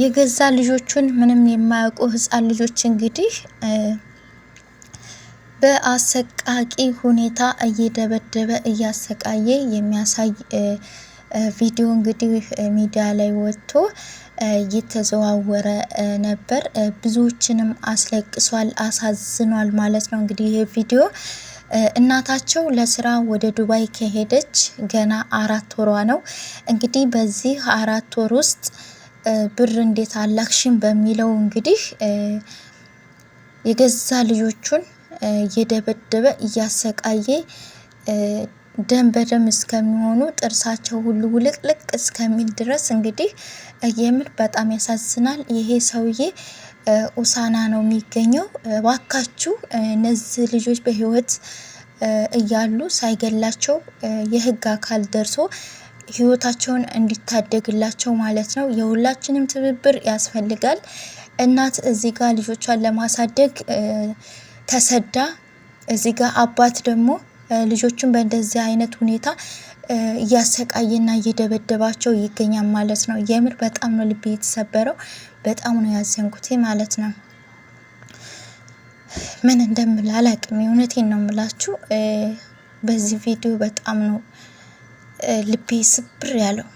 የገዛ ልጆቹን ምንም የማያውቁ ህፃን ልጆች እንግዲህ በአሰቃቂ ሁኔታ እየደበደበ እያሰቃየ የሚያሳይ ቪዲዮ እንግዲህ ሚዲያ ላይ ወጥቶ እየተዘዋወረ ነበር። ብዙዎችንም አስለቅሷል፣ አሳዝኗል ማለት ነው። እንግዲህ ይህ ቪዲዮ እናታቸው ለስራ ወደ ዱባይ ከሄደች ገና አራት ወሯ ነው። እንግዲህ በዚህ አራት ወር ውስጥ ብር እንዴት አላክሽም በሚለው እንግዲህ የገዛ ልጆቹን እየደበደበ እያሰቃየ ደም በደም እስከሚሆኑ ጥርሳቸው ሁሉ ውልቅልቅ እስከሚል ድረስ እንግዲህ የምር በጣም ያሳዝናል። ይሄ ሰውዬ ኡሳና ነው የሚገኘው። ባካችሁ እነዚህ ልጆች በህይወት እያሉ ሳይገላቸው የህግ አካል ደርሶ ህይወታቸውን እንዲታደግላቸው ማለት ነው። የሁላችንም ትብብር ያስፈልጋል። እናት እዚህ ጋር ልጆቿን ለማሳደግ ተሰዳ፣ እዚህ ጋር አባት ደግሞ ልጆቹን በእንደዚህ አይነት ሁኔታ እያሰቃየና እየደበደባቸው ይገኛል ማለት ነው። የምር በጣም ነው ልቤ የተሰበረው። በጣም ነው ያዘንኩት ማለት ነው። ምን እንደምል አላቅም። የእውነቴን ነው የምላችሁ። በዚህ ቪዲዮ በጣም ነው ልቤ ስብር ያለው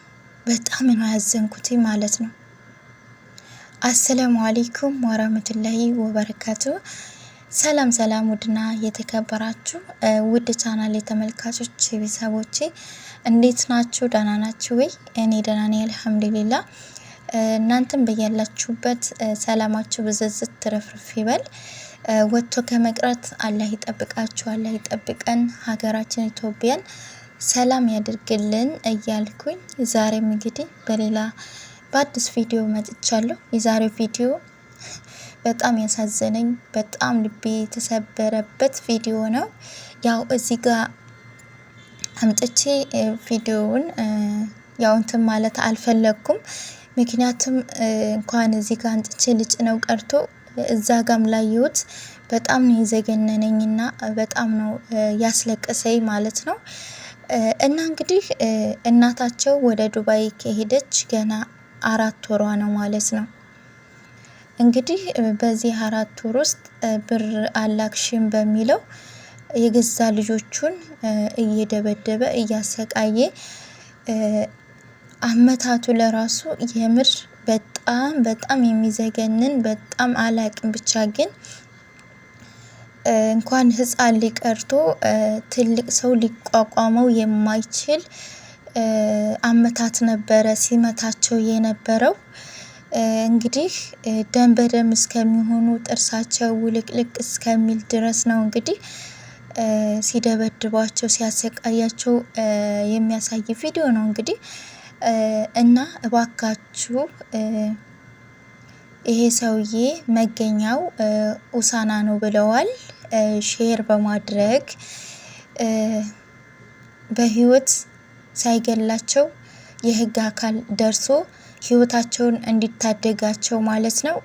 በጣም ነው ያዘንኩት ማለት ነው። አሰላሙ አሌይኩም ወራህመቱላሂ ወበረካቱ። ሰላም ሰላም፣ ውድና የተከበራችሁ ውድ ቻናል የተመልካቾች ቤተሰቦች እንዴት ናችሁ? ደህና ናችሁ ወይ? እኔ ደህና ነኝ አልሐምዱሊላ። እናንተም በያላችሁበት ሰላማችሁ ብዝዝት ትረፍርፍ ይበል። ወጥቶ ከመቅረት አላህ ይጠብቃችሁ፣ አላህ ይጠብቀን ሀገራችን ኢትዮጵያን ሰላም ያድርግልን እያልኩኝ ዛሬም እንግዲህ በሌላ በአዲስ ቪዲዮ መጥቻለሁ። የዛሬው ቪዲዮ በጣም ያሳዘነኝ በጣም ልቤ የተሰበረበት ቪዲዮ ነው። ያው እዚህ ጋር አምጥቼ ቪዲዮውን ያው እንትን ማለት አልፈለግኩም። ምክንያቱም እንኳን እዚህ ጋር አምጥቼ ልጭ ነው ቀርቶ እዛ ጋም ላየሁት በጣም ነው የዘገነነኝና በጣም ነው ያስለቀሰኝ ማለት ነው። እና እንግዲህ እናታቸው ወደ ዱባይ ከሄደች ገና አራት ወሯ ነው ማለት ነው። እንግዲህ በዚህ አራት ወር ውስጥ ብር አላክሽም በሚለው የገዛ ልጆቹን እየደበደበ እያሰቃየ አመታቱ ለራሱ የምር በጣም በጣም የሚዘገንን በጣም አላቅም ብቻ ግን እንኳን ህፃን ሊቀርቶ ትልቅ ሰው ሊቋቋመው የማይችል አመታት ነበረ ሲመታቸው የነበረው። እንግዲህ ደም በደም እስከሚሆኑ ጥርሳቸው ውልቅልቅ እስከሚል ድረስ ነው እንግዲህ ሲደበድባቸው ሲያሰቃያቸው የሚያሳይ ቪዲዮ ነው እንግዲህ እና እባካችሁ ይሄ ሰውዬ መገኛው ኡሳና ነው ብለዋል። ሼር በማድረግ በህይወት ሳይገላቸው የህግ አካል ደርሶ ህይወታቸውን እንዲታደጋቸው ማለት ነው።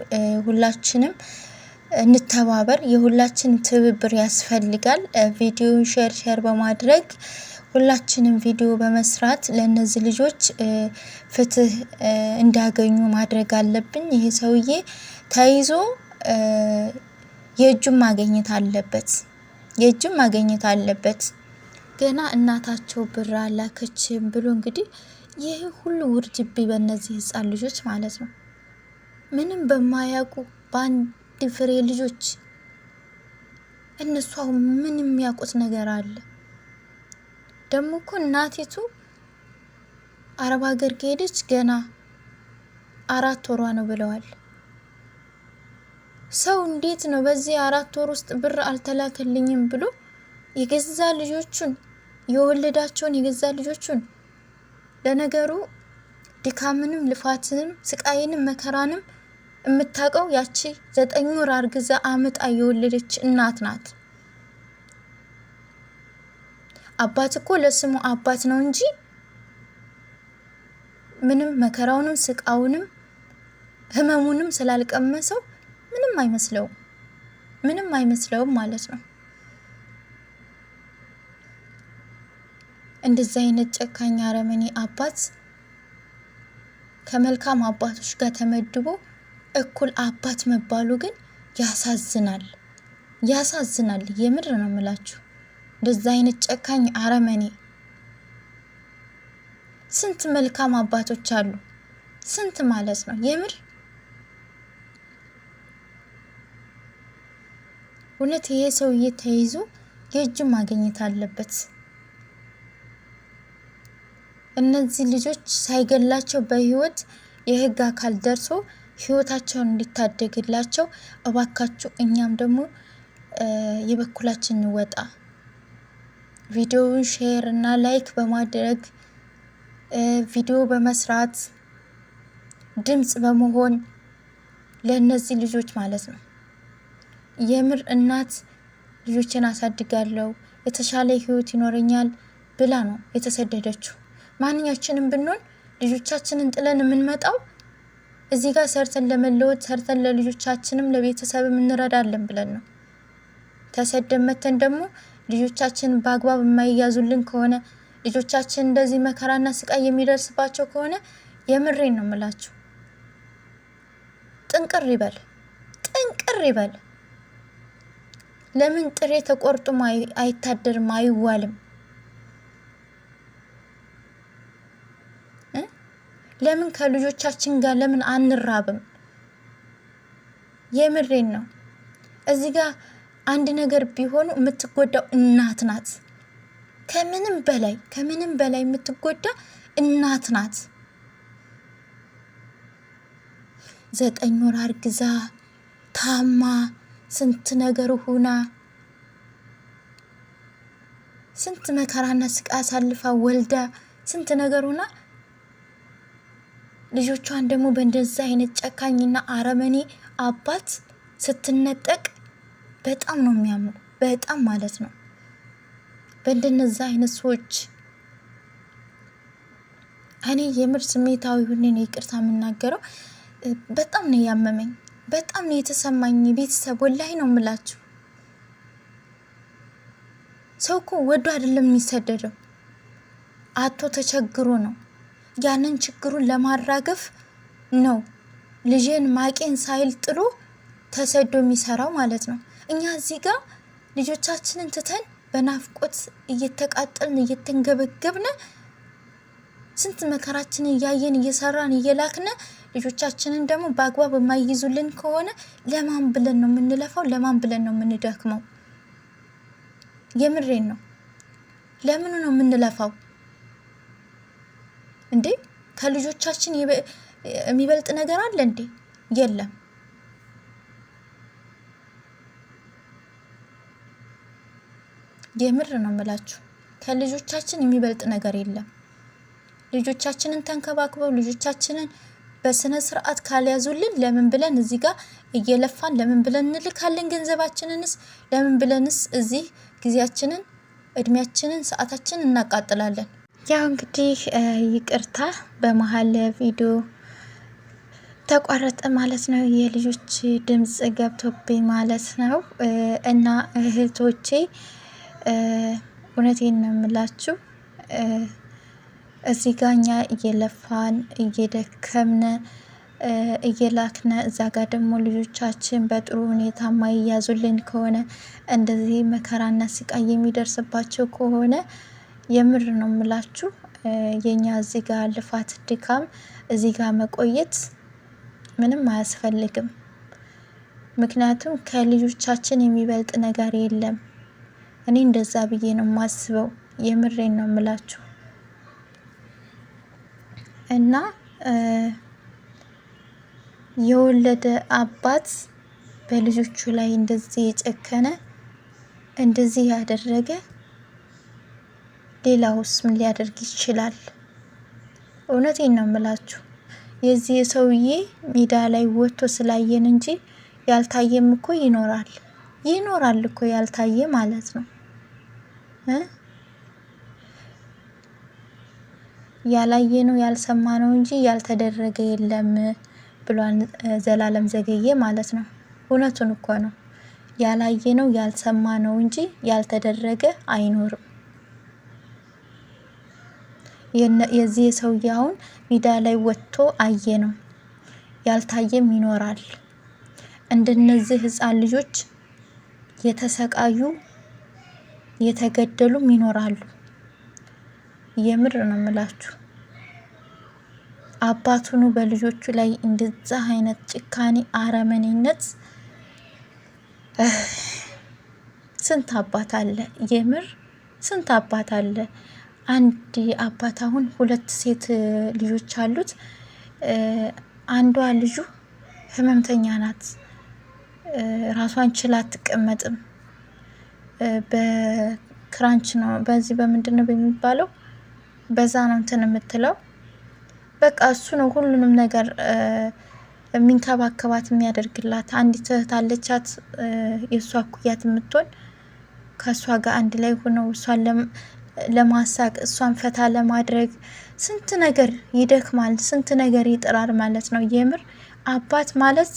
ሁላችንም እንተባበር፣ የሁላችን ትብብር ያስፈልጋል። ቪዲዮውን ሼር ሼር በማድረግ ሁላችንም ቪዲዮ በመስራት ለእነዚህ ልጆች ፍትህ እንዲያገኙ ማድረግ አለብን። ይሄ ሰውዬ ተይዞ የእጁን ማገኘት አለበት፣ የእጁን ማገኘት አለበት። ገና እናታቸው ብር አላከችም ብሎ እንግዲህ ይህ ሁሉ ውርጅቢ በእነዚህ ህፃን ልጆች ማለት ነው። ምንም በማያውቁ በአንድ ፍሬ ልጆች እነሱ አሁን ምን የሚያውቁት ነገር አለ? ደግሞ እኮ እናቲቱ አረብ ሀገር ከሄደች ገና አራት ወሯ ነው ብለዋል። ሰው እንዴት ነው በዚህ አራት ወር ውስጥ ብር አልተላከልኝም ብሎ የገዛ ልጆቹን የወለዳቸውን የገዛ ልጆቹን ለነገሩ ድካምንም ልፋትንም ስቃይንም መከራንም የምታውቀው ያቺ ዘጠኝ ወር አርግዛ አመጣ የወለደች እናት ናት። አባት እኮ ለስሙ አባት ነው እንጂ ምንም መከራውንም ስቃውንም ህመሙንም ስላልቀመሰው ምንም አይመስለውም፣ ምንም አይመስለውም ማለት ነው። እንደዚህ አይነት ጨካኝ አረመኔ አባት ከመልካም አባቶች ጋር ተመድቦ እኩል አባት መባሉ ግን ያሳዝናል፣ ያሳዝናል። የምድር ነው የምላችሁ። እንደዚህ አይነት ጨካኝ አረመኔ ስንት መልካም አባቶች አሉ፣ ስንት ማለት ነው የምድር እውነት ይሄ ሰውዬ ተይዞ የእጁ ማግኘት አለበት። እነዚህ ልጆች ሳይገላቸው በህይወት የህግ አካል ደርሶ ህይወታቸውን እንዲታደግላቸው እባካችሁ፣ እኛም ደግሞ የበኩላችን እንወጣ። ቪዲዮውን ሼር እና ላይክ በማድረግ ቪዲዮ በመስራት ድምፅ በመሆን ለእነዚህ ልጆች ማለት ነው የምር እናት ልጆችን አሳድጋለሁ የተሻለ ህይወት ይኖረኛል ብላ ነው የተሰደደችው። ማንኛችንም ብንሆን ልጆቻችንን ጥለን የምንመጣው እዚህ ጋር ሰርተን ለመለወጥ ሰርተን ለልጆቻችንም ለቤተሰብም እንረዳለን ብለን ነው። ተሰደን መተን ደግሞ ልጆቻችንን በአግባብ የማይያዙልን ከሆነ ልጆቻችን እንደዚህ መከራና ስቃይ የሚደርስባቸው ከሆነ የምሬን ነው የምላችሁ፣ ጥንቅር ይበል፣ ጥንቅር ይበል። ለምን ጥሬ ተቆርጦም አይታደርም አይዋልም? ለምን ከልጆቻችን ጋር ለምን አንራብም? የምሬን ነው። እዚህ ጋር አንድ ነገር ቢሆኑ የምትጎዳው እናት ናት። ከምንም በላይ ከምንም በላይ የምትጎዳ እናት ናት። ዘጠኝ ወር አርግዛ ታማ ስንት ነገር ሁና ስንት መከራና ስቃ አሳልፋ ወልዳ ስንት ነገር ሁና ልጆቿን ደግሞ በእንደዛ አይነት ጨካኝና አረመኔ አባት ስትነጠቅ በጣም ነው የሚያምሩ። በጣም ማለት ነው በእንደነዛ አይነት ሰዎች እኔ የምር ስሜታዊ ሁኔ ነው ይቅርታ የምናገረው። በጣም ነው ያመመኝ። በጣም ነው የተሰማኝ ቤተሰብ፣ ወላሂ ነው የምላችሁ። ሰው እኮ ወዶ አይደለም የሚሰደደው አቶ ተቸግሮ ነው። ያንን ችግሩን ለማራገፍ ነው ልጄን ማቄን ሳይል ጥሎ ተሰዶ የሚሰራው ማለት ነው። እኛ እዚህ ጋር ልጆቻችንን ትተን በናፍቆት እየተቃጠልን እየተንገበገብን ስንት መከራችንን እያየን እየሰራን እየላክን ልጆቻችንን ደግሞ በአግባብ የማይይዙልን ከሆነ ለማን ብለን ነው የምንለፋው? ለማን ብለን ነው የምንደክመው? የምሬን ነው። ለምኑ ነው የምንለፋው እንዴ? ከልጆቻችን የሚበልጥ ነገር አለ እንዴ? የለም። የምር ነው የምላችሁ፣ ከልጆቻችን የሚበልጥ ነገር የለም። ልጆቻችንን ተንከባክበው ልጆቻችንን በስነ ስርዓት ካልያዙልን ለምን ብለን እዚህ ጋር እየለፋን ለምን ብለን እንልካለን? ገንዘባችንንስ ለምን ብለንስ እዚህ ጊዜያችንን፣ እድሜያችንን፣ ሰዓታችንን እናቃጥላለን? ያው እንግዲህ ይቅርታ በመሀል ቪዲዮ ተቋረጠ ማለት ነው። የልጆች ድምፅ ገብቶብኝ ማለት ነው። እና እህቶቼ እውነቴን ነው የምላችሁ እዚህ ጋ እኛ እየለፋን እየደከምነ እየላክነ እዛ ጋር ደግሞ ልጆቻችን በጥሩ ሁኔታ ማይያዙልን ከሆነ እንደዚህ መከራና ስቃይ የሚደርስባቸው ከሆነ የምር ነው ምላችሁ የኛ እዚህ ጋር ልፋት ድካም እዚህ ጋር መቆየት ምንም አያስፈልግም። ምክንያቱም ከልጆቻችን የሚበልጥ ነገር የለም። እኔ እንደዛ ብዬ ነው የማስበው። የምሬን ነው ምላችሁ። እና የወለደ አባት በልጆቹ ላይ እንደዚህ የጨከነ እንደዚህ ያደረገ ሌላውስ ምን ሊያደርግ ይችላል? እውነቴን ነው የምላችሁ። የዚህ ሰውዬ ሜዳ ላይ ወጥቶ ስላየን እንጂ ያልታየም እኮ ይኖራል ይኖራል እኮ ያልታየ ማለት ነው። ያላየ ነው ያልሰማ ነው እንጂ ያልተደረገ የለም ብሏል ዘላለም ዘገየ ማለት ነው። እውነቱን እኮ ነው። ያላየ ነው ያልሰማ ነው እንጂ ያልተደረገ አይኖርም። የዚህ ሰውዬ አሁን ሜዳ ላይ ወጥቶ አየ ነው ያልታየም ይኖራል። እንደነዚህ ህፃን ልጆች የተሰቃዩ የተገደሉም ይኖራሉ። የምር ነው የምላችሁ። አባቱኑ በልጆቹ ላይ እንደዛ አይነት ጭካኔ፣ አረመኔነት ስንት አባት አለ? የምር ስንት አባት አለ? አንድ አባት አሁን ሁለት ሴት ልጆች አሉት። አንዷ ልጁ ህመምተኛ ናት። ራሷን ችላ አትቀመጥም። በክራንች ነው በዚህ በምንድን ነው በሚባለው በዛ ነው እንትን የምትለው በቃ እሱ ነው ሁሉንም ነገር የሚንከባከባት የሚያደርግላት። አንዲት እህት አለቻት የእሷ አኩያት የምትሆን ከእሷ ጋር አንድ ላይ ሆነው እሷን ለማሳቅ እሷን ፈታ ለማድረግ ስንት ነገር ይደክማል፣ ስንት ነገር ይጥራል ማለት ነው። የምር አባት ማለት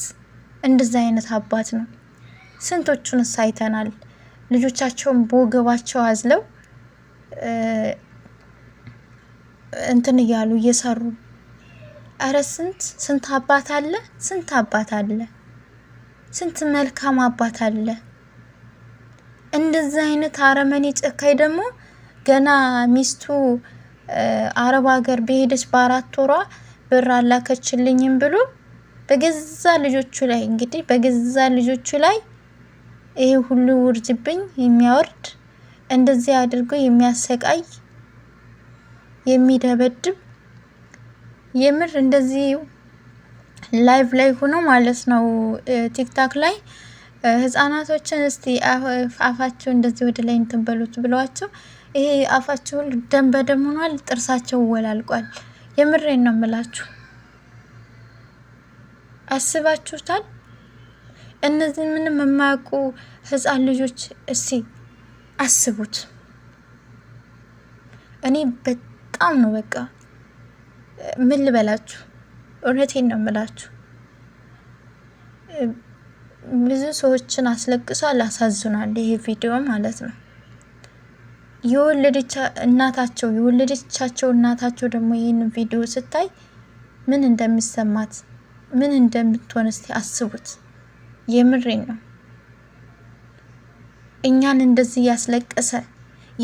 እንደዚህ አይነት አባት ነው። ስንቶቹን ሳይተናል ልጆቻቸውን በወገባቸው አዝለው እንትን እያሉ እየሰሩ እረ ስንት ስንት አባት አለ፣ ስንት አባት አለ፣ ስንት መልካም አባት አለ። እንደዚህ አይነት አረመኔ ጨካኝ ደግሞ ገና ሚስቱ አረብ ሀገር በሄደች በአራት ወሯ ብር አላከችልኝም ብሎ በገዛ ልጆቹ ላይ እንግዲህ በገዛ ልጆቹ ላይ ይሄ ሁሉ ውርጅብኝ የሚያወርድ እንደዚህ አድርጎ የሚያሰቃይ የሚደበድብ የምር እንደዚህ ላይቭ ላይ ሆኖ ማለት ነው ቲክታክ ላይ ህጻናቶችን እስቲ አፋቸው እንደዚህ ወደ ላይ እንትን በሉት ብለዋቸው ይሄ አፋቸው ደም በደም ሆኗል። ጥርሳቸው ወላልቋል። የምሬን ነው የምላችሁ። አስባችሁታል? እነዚህ ምንም የማያውቁ ህጻን ልጆች እስቲ አስቡት። እኔ በጣም ነው በቃ ምን ልበላችሁ፣ እውነቴን ነው የምላችሁ። ብዙ ሰዎችን አስለቅሷል፣ አሳዝኗል ይሄ ቪዲዮ ማለት ነው። የወለደች እናታቸው የወለደቻቸው እናታቸው ደግሞ ይህንን ቪዲዮ ስታይ ምን እንደሚሰማት ምን እንደምትሆን እስቲ አስቡት። የምሬን ነው። እኛን እንደዚህ ያስለቀሰ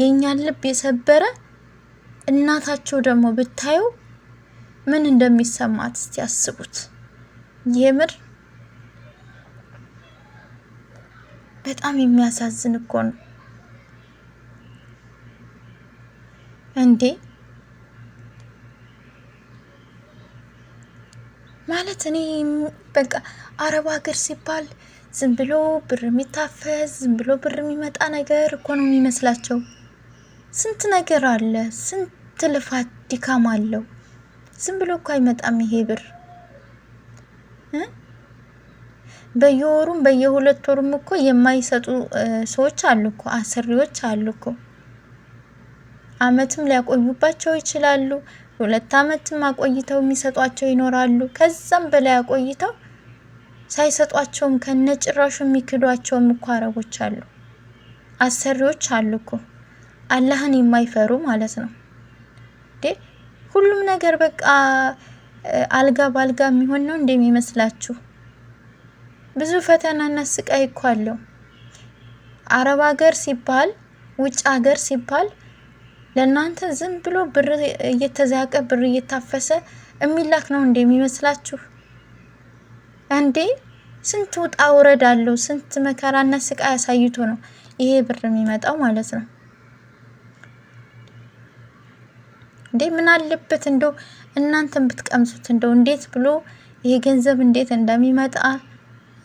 የእኛን ልብ የሰበረ እናታቸው ደግሞ ብታዩ ምን እንደሚሰማት እስቲ ያስቡት። የምር በጣም የሚያሳዝን እኮ ነው እንዴ! ማለት እኔ በቃ አረብ ሀገር ሲባል ዝም ብሎ ብር የሚታፈስ ዝም ብሎ ብር የሚመጣ ነገር እኮ ነው የሚመስላቸው። ስንት ነገር አለ፣ ስንት ልፋት ድካም አለው። ዝም ብሎ እኮ አይመጣም ይሄ ብር። በየወሩም በየሁለት ወሩም እኮ የማይሰጡ ሰዎች አሉ እኮ አሰሪዎች አሉ እኮ። አመትም ሊያቆዩባቸው ይችላሉ። ሁለት አመትም አቆይተው የሚሰጧቸው ይኖራሉ። ከዛም በላይ አቆይተው ሳይሰጧቸውም ከነጭራሹ የሚክዷቸውም እኮ አረቦች አሉ፣ አሰሪዎች አሉ እኮ። አላህን የማይፈሩ ማለት ነው። ሁሉም ነገር በቃ አልጋ በአልጋ የሚሆን ነው እንደሚመስላችሁ። ብዙ ፈተናና ስቃይ እኮ አለው። አረብ ሀገር ሲባል ውጭ ሀገር ሲባል ለእናንተ ዝም ብሎ ብር እየተዛቀ ብር እየታፈሰ የሚላክ ነው እንደሚመስላችሁ። እንዴ ስንት ውጣ ውረድ አለው። ስንት መከራና ስቃይ አሳይቶ ነው ይሄ ብር የሚመጣው ማለት ነው። እንዴ ምን አለበት እንደው እናንተን ብትቀምሱት እንደው እንዴት ብሎ ይሄ ገንዘብ እንዴት እንደሚመጣ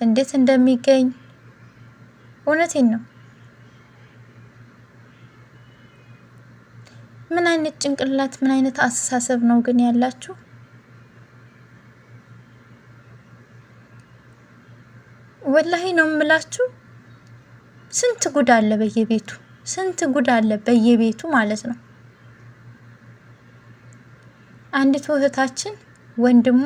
እንዴት እንደሚገኝ እውነቴን ነው። ምን አይነት ጭንቅላት ምን አይነት አስተሳሰብ ነው ግን ያላችሁ? ወላሂ ነው የምላችሁ። ስንት ጉድ አለ በየቤቱ፣ ስንት ጉድ አለ በየቤቱ ማለት ነው። አንዲት እህታችን ወንድሟ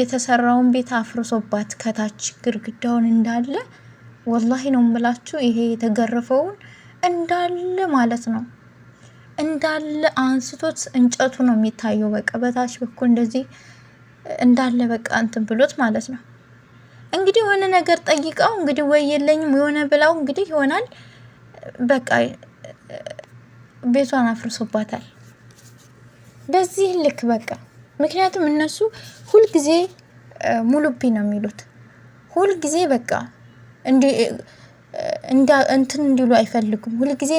የተሰራውን ቤት አፍርሶባት ከታች ግርግዳውን እንዳለ ወላሂ ነው የምላችሁ። ይሄ የተገረፈውን እንዳለ ማለት ነው እንዳለ አንስቶት እንጨቱ ነው የሚታየው። በቃ በታች በኩል እንደዚህ እንዳለ በቃ እንትን ብሎት ማለት ነው። እንግዲህ የሆነ ነገር ጠይቀው እንግዲህ ወይ የለኝም የሆነ ብላው እንግዲህ ይሆናል በቃ ቤቷን አፍርሶባታል። በዚህ ልክ በቃ ምክንያቱም እነሱ ሁልጊዜ ሙሉፒ ነው የሚሉት። ሁልጊዜ በቃ እንትን እንዲሉ አይፈልጉም። ሁልጊዜ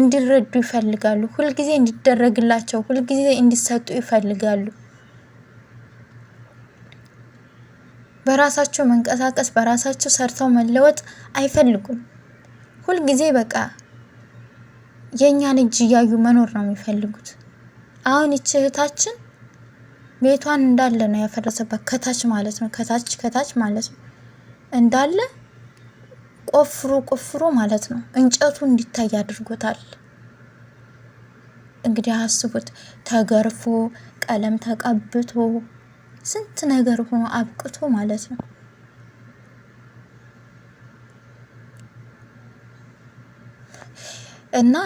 እንዲረዱ ይፈልጋሉ። ሁልጊዜ እንዲደረግላቸው፣ ሁልጊዜ እንዲሰጡ ይፈልጋሉ። በራሳቸው መንቀሳቀስ፣ በራሳቸው ሰርተው መለወጥ አይፈልጉም። ሁልጊዜ በቃ የእኛን እጅ እያዩ መኖር ነው የሚፈልጉት። አሁን ይች እህታችን ቤቷን እንዳለ ነው ያፈረሰባት። ከታች ማለት ነው ከታች ከታች ማለት ነው እንዳለ ቆፍሮ ቆፍሮ ማለት ነው እንጨቱ እንዲታይ አድርጎታል። እንግዲህ አስቡት፣ ተገርፎ ቀለም ተቀብቶ ስንት ነገር ሆኖ አብቅቶ ማለት ነው። እና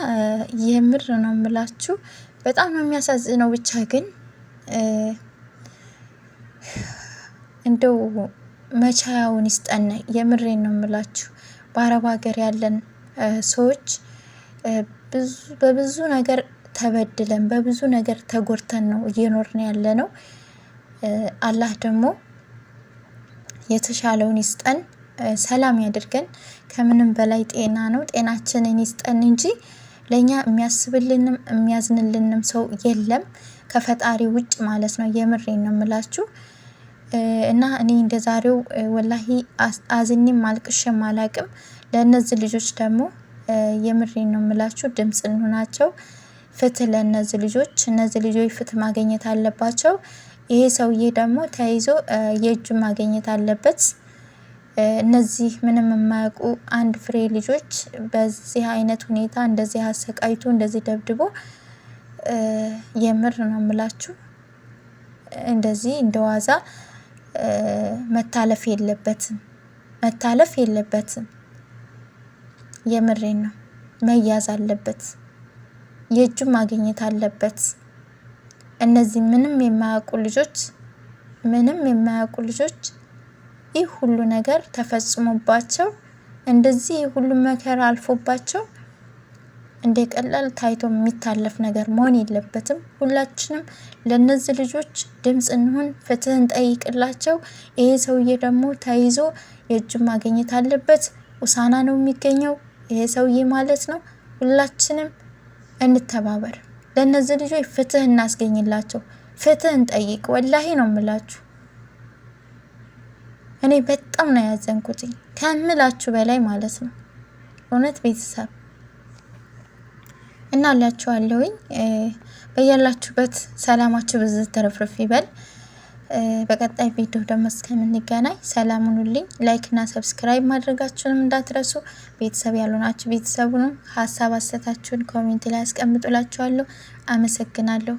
የምር ነው የምላችሁ በጣም ነው የሚያሳዝነው። ብቻ ግን እንደው መቻያውን ይስጠን። የምሬን ነው የምላችሁ በአረብ ሀገር ያለን ሰዎች በብዙ ነገር ተበድለን በብዙ ነገር ተጎድተን ነው እየኖርን ያለ ነው። አላህ ደግሞ የተሻለውን ይስጠን፣ ሰላም ያድርገን። ከምንም በላይ ጤና ነው። ጤናችንን ይስጠን እንጂ ለእኛ የሚያስብልንም የሚያዝንልንም ሰው የለም ከፈጣሪ ውጭ ማለት ነው። የምሬን ነው የምላችሁ። እና እኔ እንደ ዛሬው ወላሂ አዝኜም አልቅሼም አላቅም። ለእነዚህ ልጆች ደግሞ የምሬን ነው የምላችሁ፣ ድምፅ እንሆናቸው። ፍትህ ለእነዚህ ልጆች። እነዚህ ልጆች ፍትህ ማግኘት አለባቸው። ይሄ ሰውዬ ደግሞ ተይዞ የእጁ ማግኘት አለበት። እነዚህ ምንም የማያውቁ አንድ ፍሬ ልጆች በዚህ አይነት ሁኔታ እንደዚህ አሰቃይቶ እንደዚህ ደብድቦ የምር ነው የምላችሁ፣ እንደዚህ እንደዋዛ መታለፍ የለበትም መታለፍ የለበትም። የምሬን ነው። መያዝ አለበት፣ የእጁ ማግኘት አለበት። እነዚህ ምንም የማያውቁ ልጆች ምንም የማያውቁ ልጆች ይህ ሁሉ ነገር ተፈጽሞባቸው እንደዚህ ሁሉ መከራ አልፎባቸው እንደ ቀላል ታይቶ የሚታለፍ ነገር መሆን የለበትም። ሁላችንም ለእነዚህ ልጆች ድምፅ እንሁን፣ ፍትህ እንጠይቅላቸው። ይሄ ሰውዬ ደግሞ ተይዞ የእጁ ማግኘት አለበት። ኡሳና ነው የሚገኘው ይሄ ሰውዬ ማለት ነው። ሁላችንም እንተባበር፣ ለእነዚህ ልጆች ፍትህ እናስገኝላቸው፣ ፍትህ እንጠይቅ። ወላሂ ነው ምላችሁ። እኔ በጣም ነው ያዘንኩት ከምላችሁ በላይ ማለት ነው። እውነት ቤተሰብ እና አላችኋለሁኝ በያላችሁበት ሰላማችሁ ብዝት ተረፍርፍ ይበል። በቀጣይ ቪዲዮ ደግሞ እስከምንገናኝ ሰላም ሁኑልኝ። ላይክ እና ሰብስክራይብ ማድረጋችሁንም እንዳትረሱ። ቤተሰብ ያልሆናችሁ ቤተሰቡንም ሀሳብ አሰታችሁን ኮሜንት ላይ አስቀምጡላችኋለሁ። አመሰግናለሁ።